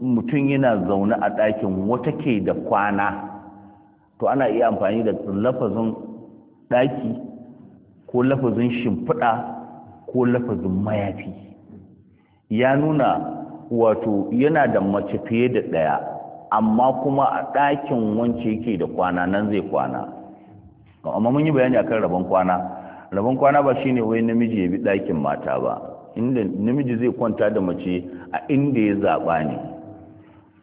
mutum yana zaune a ɗakin wata ke da kwana to ana iya amfani da lafazin ɗaki ko lafazin shimfiɗa ko lafazin mayafi ya nuna wato yana da mace fiye da ɗaya amma kuma a ɗakin wance yake da kwana nan zai kwana amma mun yi bayani akan rabon kwana rabon kwana ba shine wai namiji ya bi ɗakin mata ba inda namiji zai kwanta da mace a inda ya zaɓa ne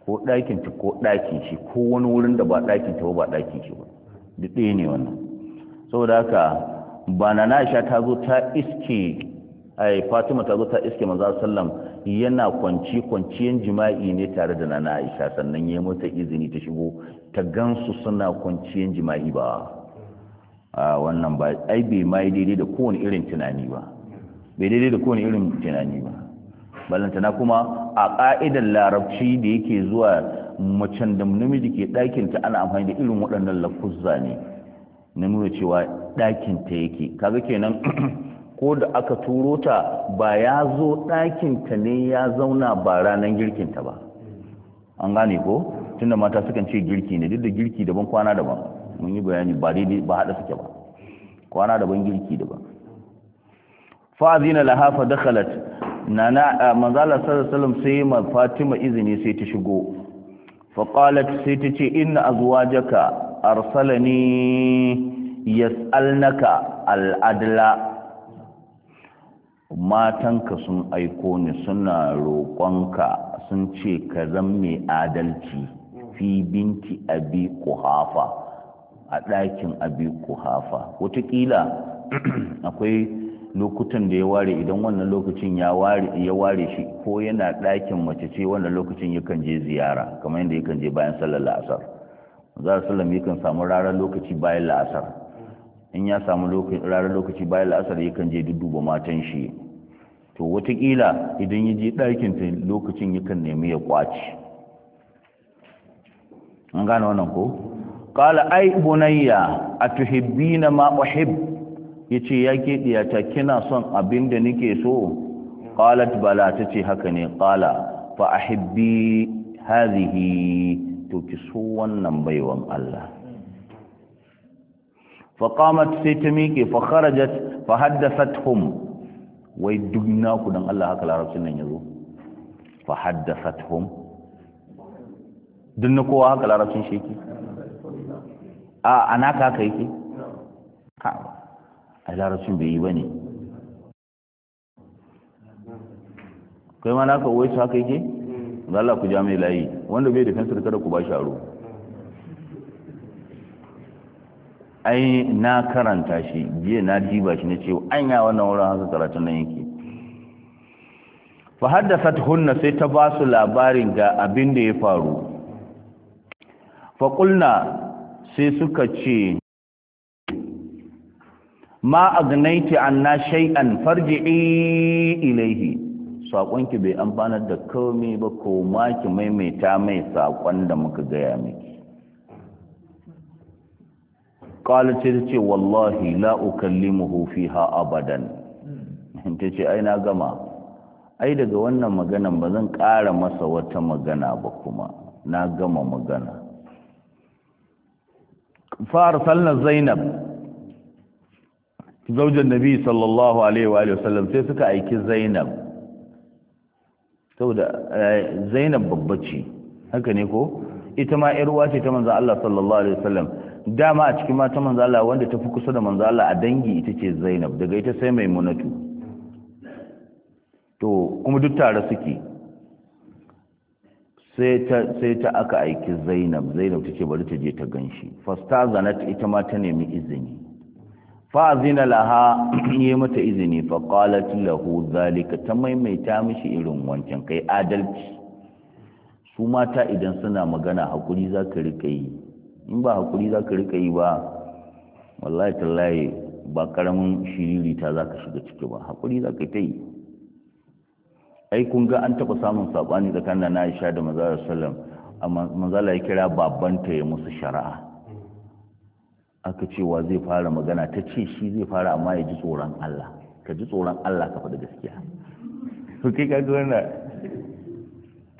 ko ɗakin ta ko ɗakin shi ko wani wurin da ba ɗakin ta ba ɗakin shi ba da ɗaya ne wannan saboda haka ba na ta zo ta iske ai Fatima ta zo ta iske maza sallam yana kwanci kwanciyan jima'i ne tare da nana Aisha sannan yayi mata izini ta shigo ta gansu suna kwanciyan jima'i ba a wannan ba ai bai mai daidai da kowane irin tunani ba bai daidai da kowane irin tunani ba ballantana kuma a ka'idar larabci da yake zuwa macen da namiji ke ɗakinta ana amfani da irin waɗannan lafuzza ne na nuna cewa ɗakinta yake kaga kenan ko da aka turo ta ba ya zo ɗakinta ne ya zauna ba ranar girkinta ba an gane ko tunda mata sukan ce girki ne duk da girki daban kwana daban mun yi bayani ba daidai ba haɗa suke ba kwana daban girki daban fa'azina laha fa dakhalat nana manzo Allah sallallahu alaihi wasallam sai Fatima izini sai ta shigo fa qalat sai ta ce inna azwajaka arsalani yas'alnaka al-adla matanka sun aiko ni suna roƙonka sun ce ka zan mai adalci fi binti abi kuhafa a ɗakin abi kuhafa wataƙila akwai lokutan da ya ware idan wannan lokacin ya ware ya ware shi ko yana ɗakin mace ce wannan lokacin yakan je ziyara kamar yadda yakan je bayan sallar la'asar za a sallam yakan samu rarar lokaci bayan la'asar in ya samu rarar lokaci bayan la'asar yakan je duba matan shi to wataƙila idan ya je ɗakin ta lokacin yakan nemi ya kwaci an gane wannan ko qala ai bunayya atuhibbina ma uhibbu ya ce ya ke ta kina son abin da nike so ƙalat bala ta ce haka ne ƙala fa a habbi hazihi to ki so wannan baiwan Allah faƙamat sai ta miƙe faƙarajat haddasat hum wai duk naku don Allah haka larabcin nan ya zo fahaddasat hum duk na kowa haka larabcin shi ke a anaka haka yake a larabcin bai yi ba ne kai ma naka wai su haka yake mm. za Allah ku ja mai layi wanda bai da fensir kada ku ba shi aro ai na karanta shi jiya na diba shi na ce an ya wannan wurin hasa karatun nan yake fa haddasat hunna sai ta ba su labarin ga abin da ya faru fa qulna sai suka ce ma agnaiti anna shay'an farji'i ilayhi sakonki bai amfanar da komai ba ko ma ki maimaita mai saƙon da muka gaya miki qalat ce wallahi la ukallimuhu fiha abadan tace ai na gama ai daga wannan maganan ba zan ƙara masa wata magana ba kuma na gama magana farsalna zainab zaujan nabi sallallahu alaihi wa sallam sai suka aiki zainab saboda eh, zainab babbaci haka ne ko ita ma yar uwa ce ta manzo Allah sallallahu alaihi wa sallam dama a cikin mata manzo Allah wanda ta fi kusa da manzo Allah a dangi ita ce zainab daga ita sai maimunatu to kuma duk tare suke sai ta aka aiki zainab zainab ta ce bari ta je ta ganshi fasta ita ma ta nemi izini fa'azina laha yi mata izini faƙalat lahu zalika ta maimaita mishi irin wancan kai adalci su mata idan suna magana hakuri za ka rika yi in ba hakuri za ka rika yi ba wallahi tallahi ba ƙaramin shiririta za ka shiga ciki ba hakuri za ka ta yi ai kun ga an taɓa samun saɓani tsakanin na aisha da manzala sallam manzala ya kira babanta ya musu shari'a aka cewa zai fara magana ta ce shi zai fara amma ya ji tsoron Allah ka ji tsoron Allah ka faɗi gaskiya su ke ka wannan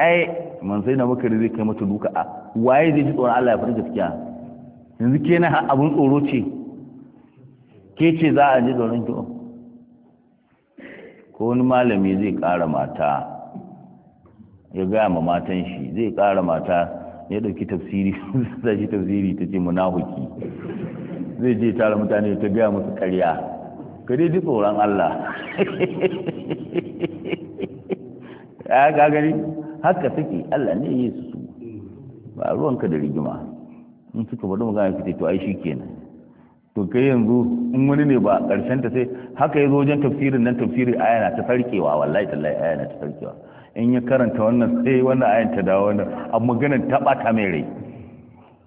ai man sai na makari zai kai mata duka a waye zai ji tsoron Allah ya faɗi gaskiya yanzu ke na abun tsoro ce ke ce za a ji tsoron ki ko wani malami zai ƙara mata ya gaya ma matan shi zai ƙara mata ya ɗauki tafsiri za shi tafsiri ta ce munahuki zai je tara mutane ta gaya musu karya ka dai ji tsoron Allah ya ga gani haka suke, Allah ne yi su ba ruwanka da rigima in suka bada magana suke to ai kenan. to kai yanzu in wani ne ba ƙarshen ta sai haka ya zo wajen tafsirin nan tafsirin aya na ta farkewa wallahi tallahi aya na ta farkewa in ya karanta wannan sai wannan ayan ta dawo wannan a maganar ta ɓata mai rai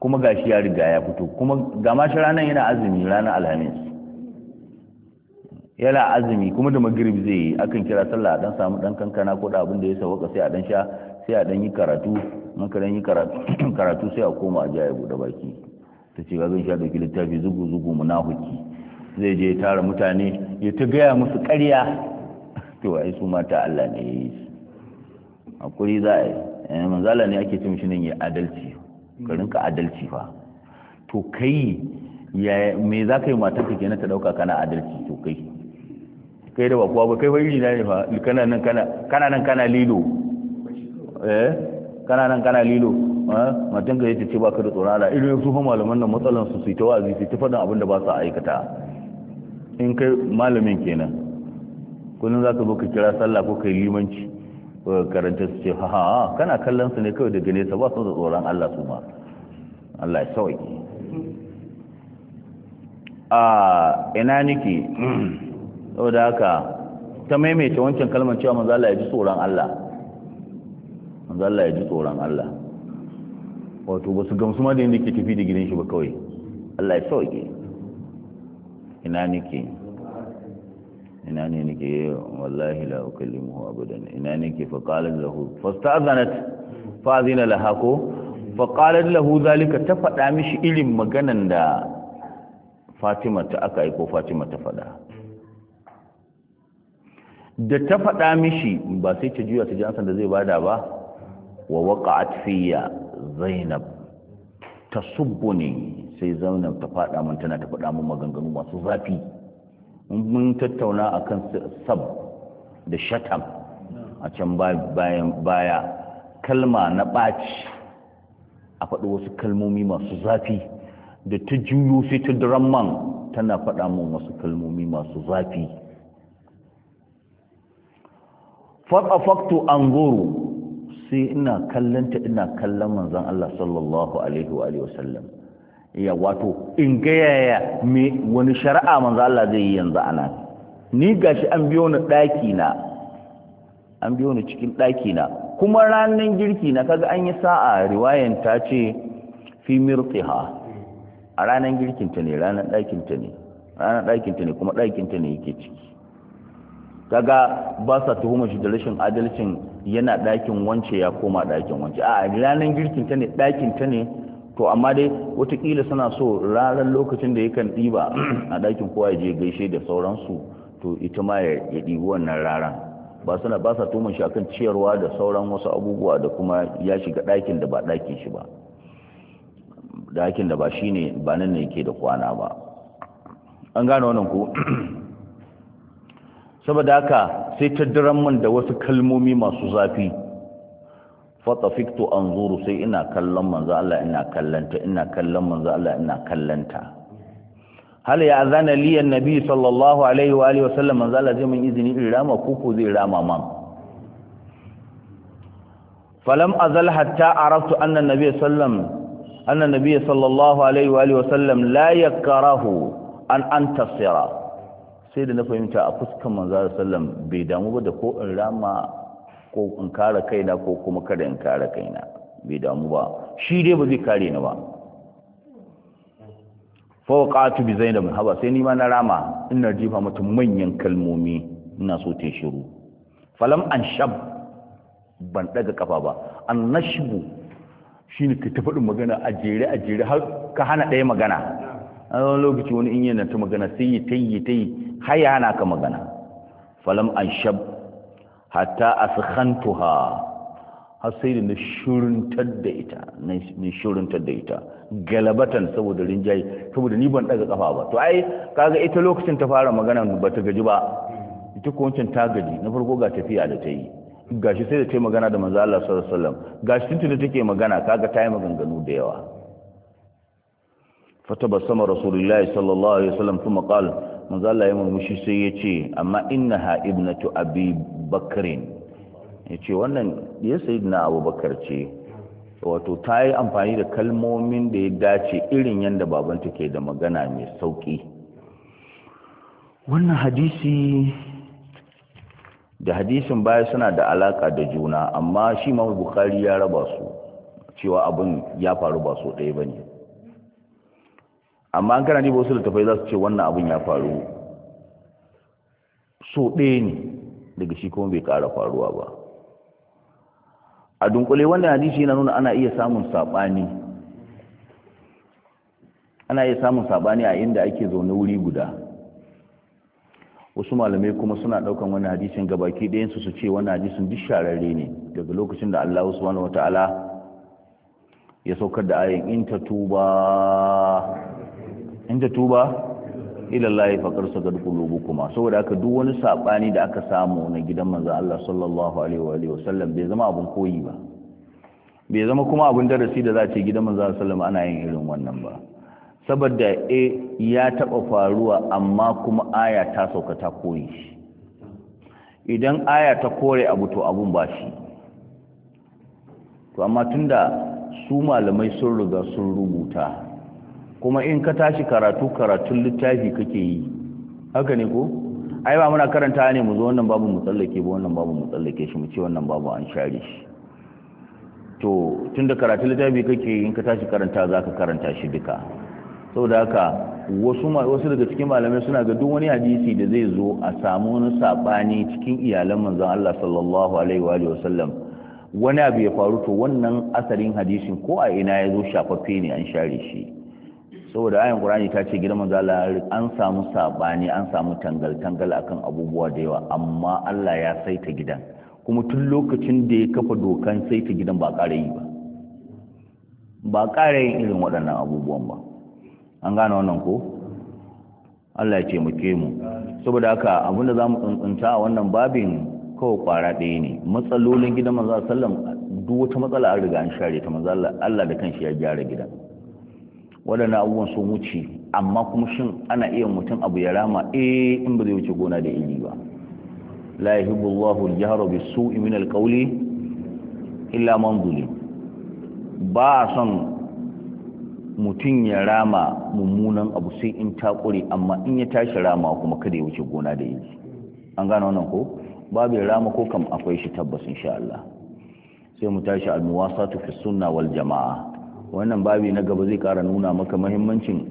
kuma ga shi ya riga ya fito kuma ga mashi ranar yana azumi ranar alhamis yana azumi kuma da magrib zai yi akan kira sallah dan samu dan kankana ko da abin da ya waka sai a dan sha sai a dan yi karatu in ka dan yi karatu sai a koma a ja ya bude baki ta ce zan sha dauki littafi zugu zugu huki zai je tara mutane ya ta gaya musu ƙarya to ai su mata Allah ne ya yi hakuri za a yi eh, manzala ne ake cin shi nan ya adalci ka adalci fa to kai me za ka yi matar ka kenan ta dauka kana adalci to kai kai da ba kowa ba kai bai na ne fa kana nan kana kana nan kana lilo eh kana nan kana lilo matan ka yace ce ba ka da tsoron Allah irin su fa malaman nan matsalan su su ta wazi su ta faɗin abin da ba su aikata in kai malamin kenan kullun za ka zo ka kira sallah ko kai limanci karanta su ce ha kana kallon su ne kawai daga nesa ba su da tsoron Allah su ma Allah ya sauki a ina niki saboda haka ta maimaita wancan kalmar cewa manzo Allah ya ji tsoron Allah manzo Allah ya ji tsoron Allah wato ba su gamsu ma da yadda ke tafi da gidan shi ba kawai Allah ya sauki ina niki ina ne nake wallahi la ukallimuhu abadan ina ne ke faqalat lahu fasta'zanat laha ko faqalat lahu zalika ta faɗa mishi irin maganan da Fatima ta aka yi ko Fatima ta faɗa da ta faɗa mishi ba sai ta juya ta ji sanda da zai bada ba wa waqa'at fiya Zainab tasubbuni sai Zainab ta faɗa mun tana ta faɗa mun maganganu masu zafi mun tattauna a kan sab da shatam a can bayan baya kalma na ɓaci a faɗi wasu kalmomi masu zafi da ta juyo sai ta dramman tana faɗa mun wasu kalmomi masu zafi faɗafaktu an goro sai ina kallanta ina kallon manzan Allah sallallahu Alaihi wa sallam ya wato in ga yaya me wani shari'a manzo Allah zai yi yanzu ana ni gashi an biyo ni daki na an biyo ni cikin daki na kuma ranan girki na kaga an yi sa'a riwayan ta ce fi mirtiha a ranan girkin ta ne ranan dakin ta ne ranan dakin ta ne kuma dakin ta ne yake ciki kaga ba sa tuhuma shi da rashin adalcin yana ɗakin wance ya koma ɗakin wance a ranan girkin ta ne dakin ta ne to amma dai watakila suna so ranar lokacin da yakan ɗiba a ɗakin kowa ya je gaishe da sauransu to ita ma ya ɗibi wannan raran ba suna ba sa tuman shi akan ciyarwa da sauran wasu abubuwa da kuma ya shiga ɗakin da ba ɗakin shi ba ɗakin da ba shi ne ba nan ne ke da kwana ba an gane wannan ku saboda haka sai ta daren man da wasu kalmomi masu zafi fatafiktu an zuru sai ina kallon manzo Allah ina kallanta ina kallon manzo Allah ina kallanta hal ya azana li annabi sallallahu alaihi wa alihi wasallam manzo Allah zai min izini in rama koko zai rama man falam azal hatta araftu anna annabi sallam anna annabi sallallahu alaihi wa alihi wasallam la yakrahu an antasira sai da na fahimta a fuskan manzo Allah sallam bai damu ba da ko in rama ko in kare kaina ko kuma kada in kare kaina bai damu ba shi dai ba zai kare ni ba fawqatu bi zainab haba sai ni ma na rama na jifa mutum manyan kalmomi ina so ta shiru falam an shab ban daga kafa ba an nashbu shine ka ta faɗin magana a jere a jere har ka hana ɗaya magana a wani lokaci wani in yana ta magana sai yi ta yi ta yi haya hana ka magana falam an shab hatta askhantuha har sai da na shirintar da ita ita galabatan saboda rinjaye saboda ni ban daga kafa ba to ai kaga ita lokacin ta fara magana ba ta gaji ba ita ko wancan ta gaji na farko ga tafiya da ta yi gashi sai da ta yi magana da manzo Allah sallallahu alaihi wasallam gashi da take magana kaga ta yi maganganu da yawa tabassama rasulullahi sallallahu alaihi wasallam kuma qala manzo Allah ya murmushi sai ya ce amma inna ha ibnatu abi bakrin ya ce wannan ya na abu bakar ce wato ta yi amfani da kalmomin da ya dace irin yadda babanta ke da magana mai sauki. wannan hadisi da hadisin baya suna da alaƙa da juna amma shi ma bukari ya raba su cewa abin ya faru ba so ɗaya ba ne amma an kana su wasu tafai za su ce wannan abin ya faru so ɗaya ne daga shi kuma bai ƙara faruwa ba a dunkule wannan hadisi yana nuna ana iya samun saɓani ana iya samun saɓani a inda ake zaune wuri guda wasu malamai kuma suna ɗaukan wani hadisin gabaki ɗayansu su ce wani hadisin duk shararre ne daga lokacin da Allah subhanahu wata'ala ya saukar da ayin in ta tuba in ta tuba ilallahi faƙar duk kulubu kuma saboda aka duk wani saɓani da aka samu na gidan manzan Allah sallallahu alaihi wasallam bai zama abin koyi ba bai zama kuma abin darasi da za ce gidan manzan sallam ana yin irin wannan ba saboda a eh, ya taɓa faruwa amma kuma aya ta sauka ta koyi idan aya ta kore abu to abun ba shi to amma tunda su malamai sun riga sun rubuta kuma in ka tashi karatu karatun littafi kake yi haka ne ko ai ba muna karanta ne mu zo wannan babu mu tsallake ba wannan babu mu tsallake shi mu ce wannan babu an share shi to tunda karatun littafi kake yi in ka tashi karanta zaka karanta shi duka saboda haka wasu wasu daga cikin malamai suna ga duk wani hadisi da zai zo a samu wani sabani cikin iyalan manzon Allah sallallahu alaihi wa alihi wasallam wani abu ya faru to wannan asarin hadisin ko a ina ya zo shafaffe ne an share shi saboda ayin qur'ani ta ce gidan manzo Allah an samu sabani an samu tangal tangal akan abubuwa da yawa amma Allah ya saita gidan kuma tun lokacin da ya kafa dokan saita gidan ba ƙara yi ba ba ƙara yin irin waɗannan abubuwan ba an gane wannan ko Allah ya ce mu ke mu saboda haka abinda da zamu tsuntsunta a wannan babin kawai kwara ɗaya ne matsalolin gidan manzo sallam duk wata matsala an riga an share ta manzo Allah da kanshi ya gyara gidan waɗannan abubuwan sun wuce amma kuma shin ana iya mutum abu ya rama eh in ba zai wuce gona da iri ba la yahibbu Allahu al-jahra bis-su'i min al-qawli illa man ba son mutum ya rama mummunan abu sai in ta amma in ya tashi rama kuma kada ya wuce gona da iri an gano wannan ko babu ya rama ko kam akwai shi tabbas insha Allah sai mu tashi al-muwasatu fi sunna wal jama'a wannan babi na gaba zai kara nuna maka mahimmancin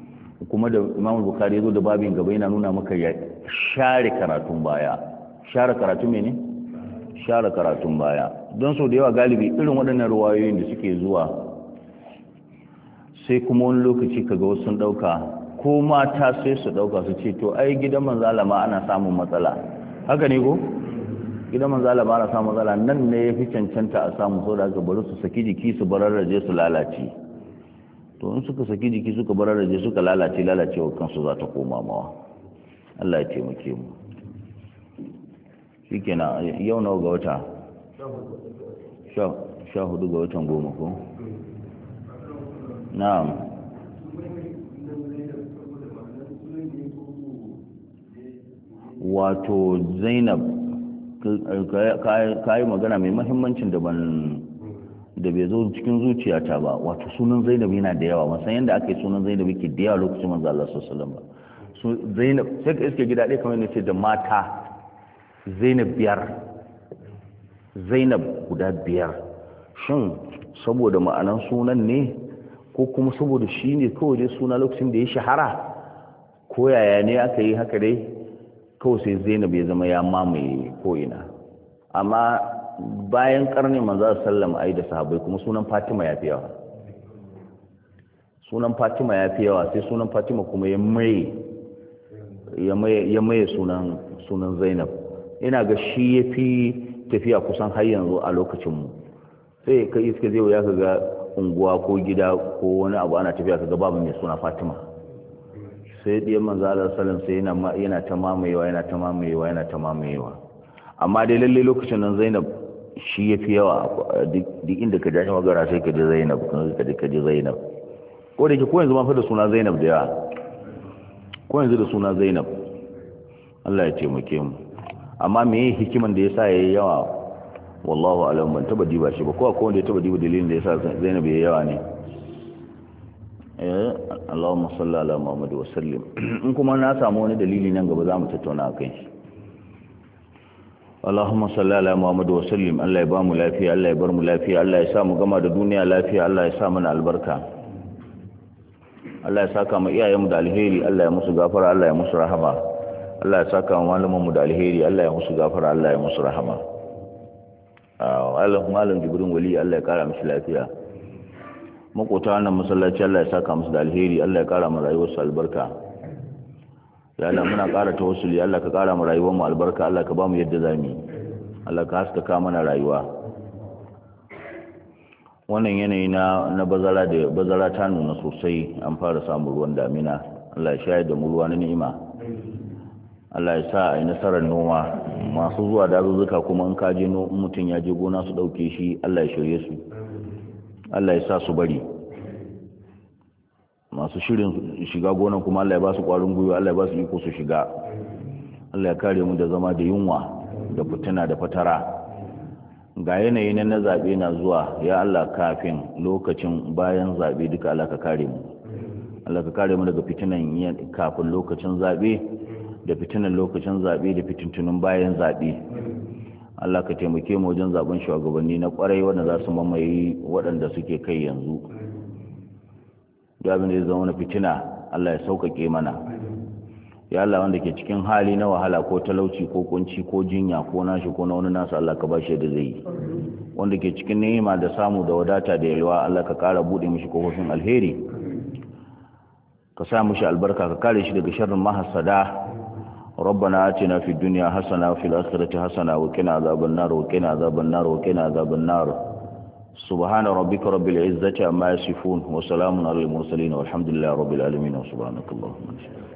kuma da imam bukari ya zo da babin gaba yana nuna maka ya share karatun baya share karatun mene share karatun baya don sau da yawa galibi irin waɗannan ruwayoyin da suke zuwa sai kuma wani lokaci kaga wasu sun ɗauka ko mata sai su ɗauka su ce to ai gidan ma ana samun matsala haka ne ko gidan manzo Allah ba na samu matsala nan ne ya fi cancanta a samu so da bari su saki jiki su bararraje su lalace to in suka saki jiki suka bararraje suka lalace lalacewa kansu za ta koma mawa Allah ya taimake mu shikenan yau nawa ga wata sha hudu ga watan goma ko na'am wato zainab ka yi magana mai mahimmancin da ban da bai zo cikin zuciyata ba wato sunan zainab yana da yawa ban san yadda aka yi sunan zainab ke da yawa lokacin manzo Allah sallallahu alaihi zainab sai ka iske gida dai kamar ne ce da mata zainab biyar zainab guda biyar shin saboda ma'anan sunan ne ko kuma saboda shi ne kawai dai suna lokacin da ya shahara ko yaya ne aka yi haka dai kawai sai zainab ya zama ya mamaye ko'ina amma bayan karni manzo sallama ai da sahabbai kuma sunan fatima ya fi yawa sunan fatima ya fi yawa sai sunan fatima kuma ya maye ya sunan sunan zainab ina ga shi ya fi tafiya kusan har yanzu a lokacinmu sai ka iska zai wuya ka ga unguwa ko gida ko wani abu ana tafiya ka ga babu mai suna fatima sai dai manzo Allah sallam sai yana yana ta mamayewa yana ta mamayewa yana ta mamayewa amma dai lalle lokacin nan Zainab shi yafi yawa duk inda ka jashi magara sai ka ji Zainab kun ka ji ka ji Zainab ko da ke ko yanzu ma fa da suna Zainab da yawa ko yanzu da suna Zainab Allah ya taimake mu amma me hikiman da yasa yayi yawa wallahu alam ban taba diba shi ba ko akwai wanda ya taba diba dalilin da yasa Zainab yayi yawa ne Allahumma salli ala Muhammad wa sallim in kuma na samu wani dalili nan gaba zamu tattauna kai. Allahumma salli ala Muhammad wa sallim Allah ya ba mu lafiya Allah ya bar mu lafiya Allah ya sa mu gama da duniya lafiya Allah ya sa mana albarka Allah ya saka mu iyayenmu da alheri Allah ya musu gafara Allah ya musu rahama Allah ya saka mu malamanmu da alheri Allah ya musu gafara Allah ya musu rahama Allahumma malam Jibrin Wali Allah ya kara mishi lafiya makota wannan masallaci Allah ya saka musu da alheri Allah ya kara mu rayuwarsu albarka ya Allah muna kara ta tawassuli Allah ka kara mu rayuwar mu albarka Allah ka ba mu yadda zamu Allah ka haskaka mana rayuwa wannan yanayi na na bazara da bazara ta nuna sosai an fara samun ruwan damina Allah ya shayar da mu ruwa na ni'ima Allah ya sa a yi nasarar noma masu zuwa dazuzzuka kuma in kaje no mutum ya je gona su dauke shi Allah ya shirye su Allah ya sa su bari masu shirin shiga gonan kuma Allah ya ba su kwarin gwiwa Allah ya ba su iko su shiga Allah ya kare mu da zama da yunwa da fitina da fatara ga yanayi na na zaɓe na zuwa ya Allah kafin lokacin bayan zaɓe duka Allah ka kare mu Allah ka kare mu daga fitinan kafin lokacin zaɓe da fitinan lokacin zaɓe da fitintunin bayan zaɓe Allah ka taimake mu wajen zaben shugabanni na kwarai wanda za su mamaye waɗanda suke kai yanzu Dabin da ya zama na fitina Allah ya sauƙaƙe mana ya Allah wanda ke cikin hali na wahala ko talauci ko kunci ko jinya ko nashi ko na wani nasu Allah ka bashi da zai yi wanda ke cikin ni'ima da samu da wadata da yalwa Allah ka ƙara buɗe mishi kofofin alheri ka sa mishi albarka ka kare shi daga sharrin mahasada ربنا آتنا في الدنيا حسنة وفي الآخرة حسنة وقنا عذاب النار وقنا عذاب النار وقنا عذاب النار سبحان ربك رب العزة عما يصفون وسلام على المرسلين والحمد لله رب العالمين وسبحانك اللهم وبحمدك